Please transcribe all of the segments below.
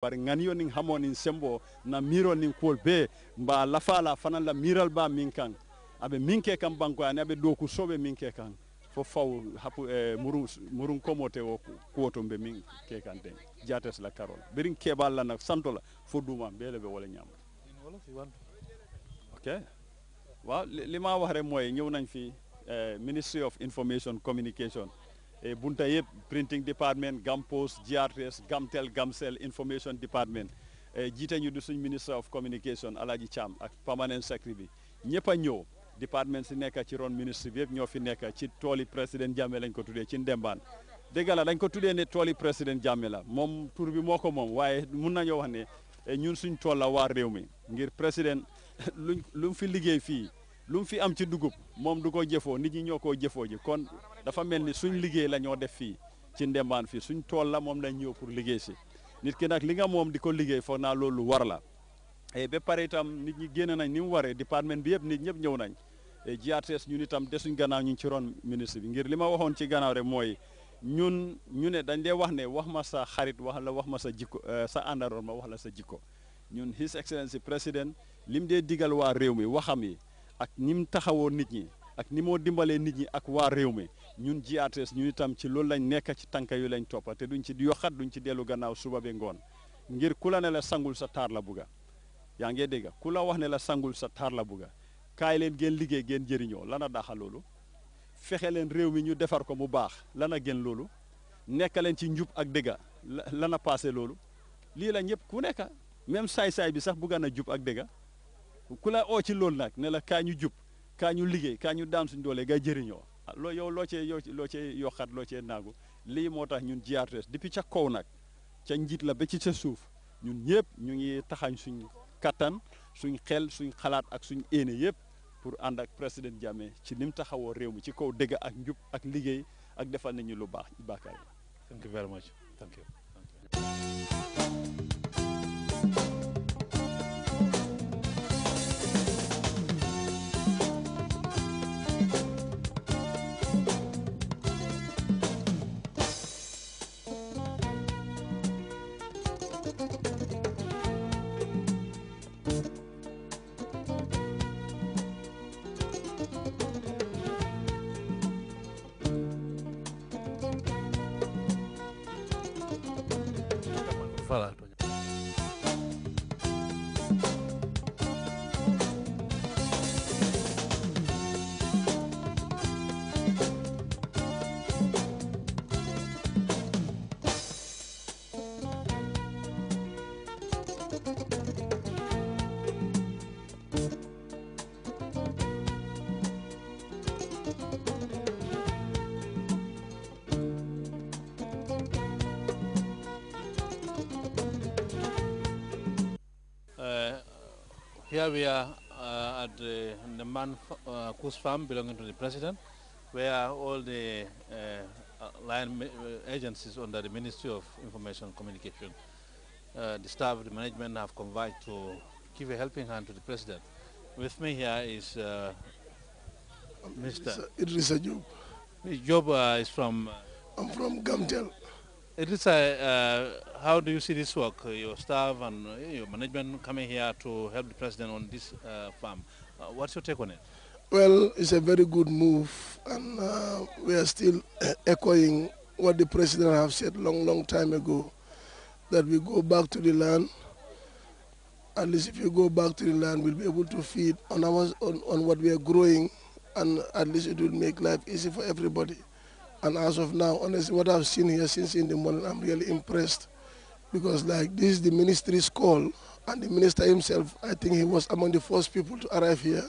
bari ŋaniyo niŋ hamo niŋ sembo na miiro niŋ kuwol bee mba lafa la fanaŋ la miiral baa miŋ kaŋ a be miŋ ke kaŋ banko ani a be dookusoo be miŋ ke kaŋ fo faw hapu eh, murun, murun komo te wo kuwo to be miŋ ke kaŋ teŋ jaates la karo la biriŋ keebaal la na santo la fo duuma bee le be wo le ñaama ok waaw lima li maa wax rek mooy ñëw nañ fi eh, ministry of information communication e bunta yëpp printing department gam post grts gamtel gamsel information department jiite ñu di suñ ministre of communication Alaaji Caam ak permanent secretary bi ñëpp a ñëw département si nekk ci ron ministre yëpp ñoo fi nekk ci tooli président Jammeh lañ ko tuddee ci Ndembaan dégg la dañ ko tuddee ne tooli président Jammeh la moom tur bi moo ko moom waaye mun nañoo wax ne eh, ñun suñ tool la waa réew mi ngir président luñ lu fi liggéey fii lu mu fi am ci dugub moom du ko jëfoo nit ñi ñoo koo jëfoo ji kon dafa mel ni suñ liggéey la ñoo def fii ci Ndembaan fii suñ tool la moom lañ ñëw pour liggéey si nit ki nag li nga moom di ko liggéey foog naa loolu war la eh, ba pare itam nit ñi génn nañ ni mu waree département bi yëpp nit ñëpp ñëw nañ eh, GRTS ñun itam desuñ ganaaw ñu ci ron ministre bi ngir li ma waxoon ci gannaaw rek mooy ñun ñu ne dañ dee wax ne wax ma sa xarit wax la wax ma sa jikko eh, sa àndaroon ma wax la sa jikko ñun His Excellency président lim dee digal réew mi waxam yi ak ni mu taxawoo nit ñi ak ni moo dimbalee nit ñi ak waa réew mi ñun GRTS ñun itam ci loolu lañ nekk ci tànk yu lañ toppa te duñ ci xat duñ ci dellu gannaaw suba be ngoon ngir ku la ne la sangul sa taar la bugga yaa ngee dégga ku la wax ne la sangul sa taar la bugga kaay leen ngeen liggéey ngeen jëriñoo lana daxa loolu fexe leen réew mi ñu defar ko mu baax lana gën loolu nekk leen ci njub ak dëgga lana paase loolu lii la ñëpp ku nekk même saay-saay bi sax bugga na jub ak dëgga ku la oo ci loolu nag ne la kaa ñu jub kaa ñu liggéey kaa ñu daan suñ doolee ngay jëriñoo ah yow loo cee yoo loo cee yokkaat loo cee naagu lii moo tax ñun GRTS depuis ca kaw nag ca njiit la ba ci sa suuf ñun ñëpp ñu ngi taxaañ suñ kattan suñ xel suñ xalaat ak suñ éene yëpp pour ànd ak président Jammeh ci ni mu taxawoo réew mi ci kaw dëgg ak njub ak liggéey ak defal nañu lu baax bàkkaar. Thank falar. Here we are uh, at the, the Man uh, farm belonging to the president, where all the uh, uh line uh, agencies under the Ministry of Information and Communication, uh, the staff, the management have by to give a helping hand to the president. With me here is uh, Mr. Um, Idrissa Job. Job uh, is from... I'm from Gamtel. It is a, uh, how do you see this work, your staff and uh, your management coming here to help the president on this uh, farm? Uh, what's your take on it? Well, it's a very good move, and uh, we are still echoing what the president have said long, long time ago, that we go back to the land. At least if you go back to the land, we'll be able to feed on, our, on, on what we are growing, and at least it will make life easy for everybody. And as of now, honestly, what I've seen here since in the morning, I'm really impressed because like this is the ministry's call and the minister himself, I think he was among the first people to arrive here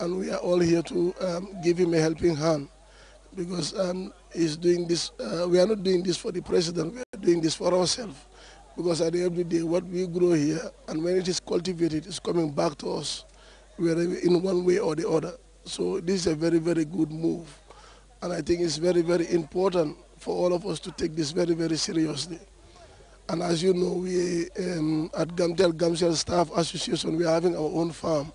and we are all here to um, give him a helping hand because um, he's doing this, uh, we are not doing this for the president, we are doing this for ourselves because at the end of the day what we grow here and when it is cultivated it's coming back to us in one way or the other. So this is a very, very good move. And I think it's very, very important for all of us to take this very, very seriously. And as you know, we um, at Gamtel Gamsel Staff Association, we are having our own farm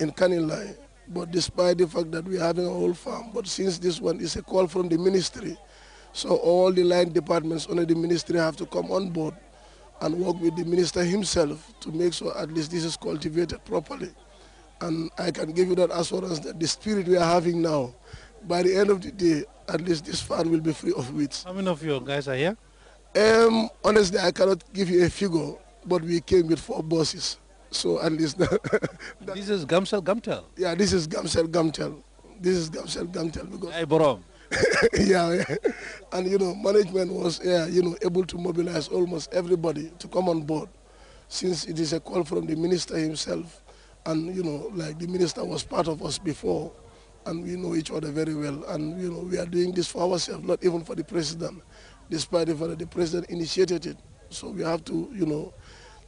in Line. But despite the fact that we are having our own farm, but since this one is a call from the ministry, so all the line departments under the ministry have to come on board and work with the minister himself to make sure at least this is cultivated properly. And I can give you that assurance that the spirit we are having now by the end of the day, at least this fan will be free of weeds. How many of you guys are here? Um, honestly, I cannot give you a figure, but we came with four buses. So at least... this is Gamsel Gamtel? Yeah, this is Gamsel Gamtel. This is Gamsel Gamtel. Because hey, Borom. yeah, yeah, and you know, management was, yeah, you know, able to mobilize almost everybody to come on board since it is a call from the minister himself. And, you know, like the minister was part of us before and we know each other very well. And you know, we are doing this for ourselves, not even for the president, despite the fact that the president initiated it. So we have to, you know,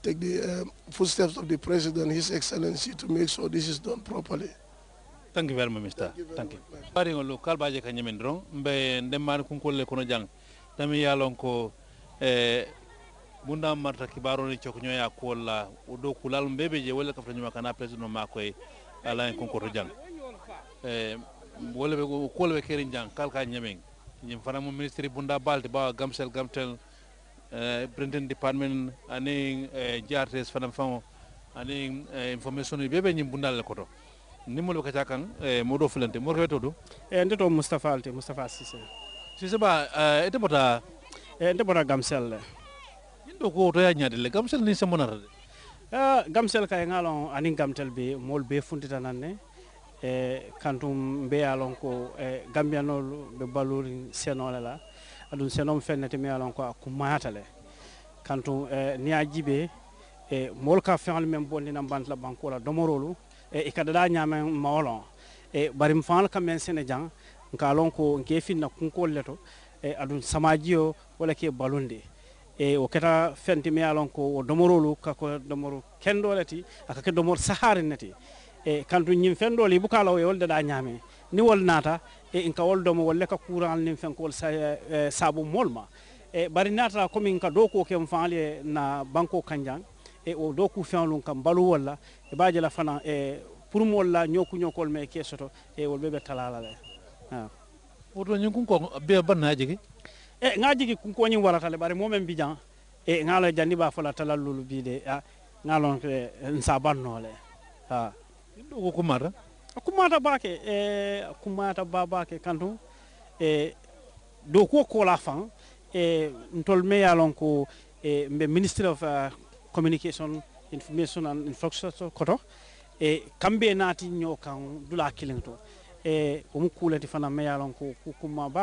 take the um, footsteps of the president, His Excellency, to make sure this is done properly. Thank you very much, Mr. Thank you. Bari ngolo kalba je kanyem ndron mbe ndemar kunkolle kono jang tami yalon ko e eh, bunda marta kibaro ni choknyo ya kola odo kulal mbebe je wala kafra nyuma kana president mako e ala en kunkoto jang Eh, wole ɓe kuwole ɓe keri jang kalka ñameng ñim fana mo ministre bunda balde bawa gamsel gamtel printing eh, department ani jartes eh, fana fango ani information ɓe ɓe ñim bundalle koto nimol ɓe kaca kan moɗo fulante morkewe to ɗum e nde to moustapha alte moustapha sise sise ba ete bota e nde bota gamsel le ñin ɗo ko to ya ñaade le gamsel ni semmonata de gamsel kay ngalon anin gamtel be mol be funtita nan e kantum mbeyalon ko e gambiyanol ɓe ballori senole la aɗum senom fennete mbiyalon ko ko matale kantum e niya jiɓe e molka feŋol men bondina bantla bankola domorolu e i e kadada ñamen mawolon e barim faŋol ka men sene jaŋ nka lon ko nke finna kunkol le to e aɗum samajiyo wala ke balunde e o keta fenti mi yalon ko o domorolu kako domoro kendole ti akake domor sahari neti e kantu ñin fen ɗo le bukala o da woldeɗa ñaame ni wol naata e en ka woldoma wolle ka kural nin fen ko wol e, e, saabu molma e bari ko min ka do ko kem faale na banko kanjang e o do ku lon kam balu wala e baaje la fana e pour mo wolla ñokuñokol me kessoto e wol bebe talala le woto ñin ko be banna jigi e ŋa jigi warata le bari momen mbijan e ŋa la fala talalulu bi de a ŋa lon nsa bannole ha ɗo kumata kummata kummata baake e eh, kummata babake kantu e eh, dow kuwo kola fan e eh, ntol meyalon ko e mbe ministre of uh, communication information and infrastructure koto e kambe naati ño dula kiling to e omo kuulati fana meyalon ko kumma ba